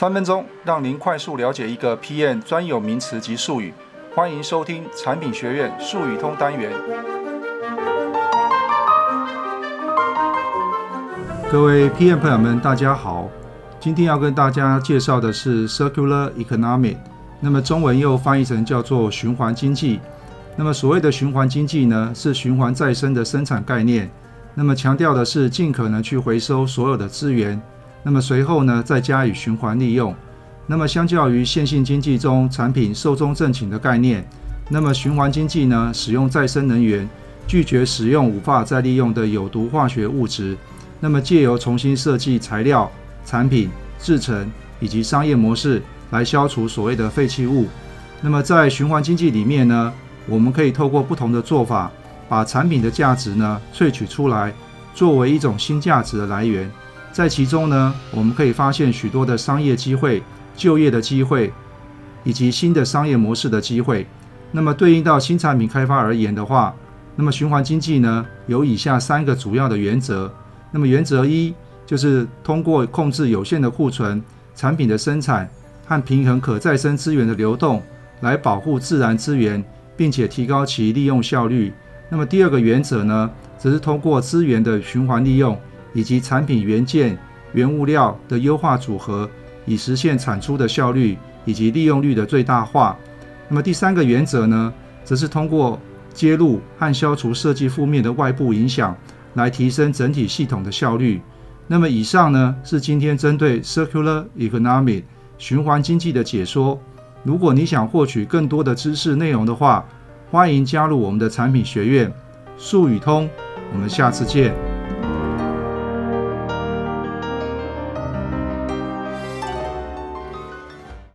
三分鐘讓您快速了解一個 PM 專有名詞及術語，歡迎收聽產品學院術語通單元。各位 PM 朋友們，大家好，今天要跟大家介紹的是 Circular Economy，那麼中文又翻譯成叫做循環經濟。那麼所謂的循環經濟呢，是循環再生的生產概念，那麼強調的是盡可能去回收所有的資源。那麼隨後呢，再加以循環利用。那麼相較於線性經濟中產品壽終正寢的概念，那麼循環經濟呢，使用再生能源，拒絕使用無法再利用的有毒化學物質。那麼借由重新設計材料、產品、製程以及商業模式，來消除所謂的廢棄物。那麼在循環經濟裡面呢，我們可以透過不同的做法，把產品的價值呢萃取出來，作為一種新價值的來源。在其中呢，我們可以發現許多的商業機會、就業的機會，以及新的商業模式的機會。那麼，對應到新產品開發而言的話，那麼循環經濟呢有以下三個主要的原則。那麼原則一就是通過控制有限的庫存、產品的生產和平衡可再生資源的流動，來保護自然資源，並且提高其利用效率。那麼第二個原則呢，則是通過資源的循環利用。以及產品元件、原物料的優化組合，以實現產出的效率以及利用率的最大化。那麼第三個原則呢，則是通過揭露和消除設計負面的外部影響，來提升整體系統的效率。那麼以上呢，是今天針對 Circular Economy 循環經濟的解說。如果你想獲取更多的知識內容的話，歡迎加入我們的產品學院術與通。我們下次見。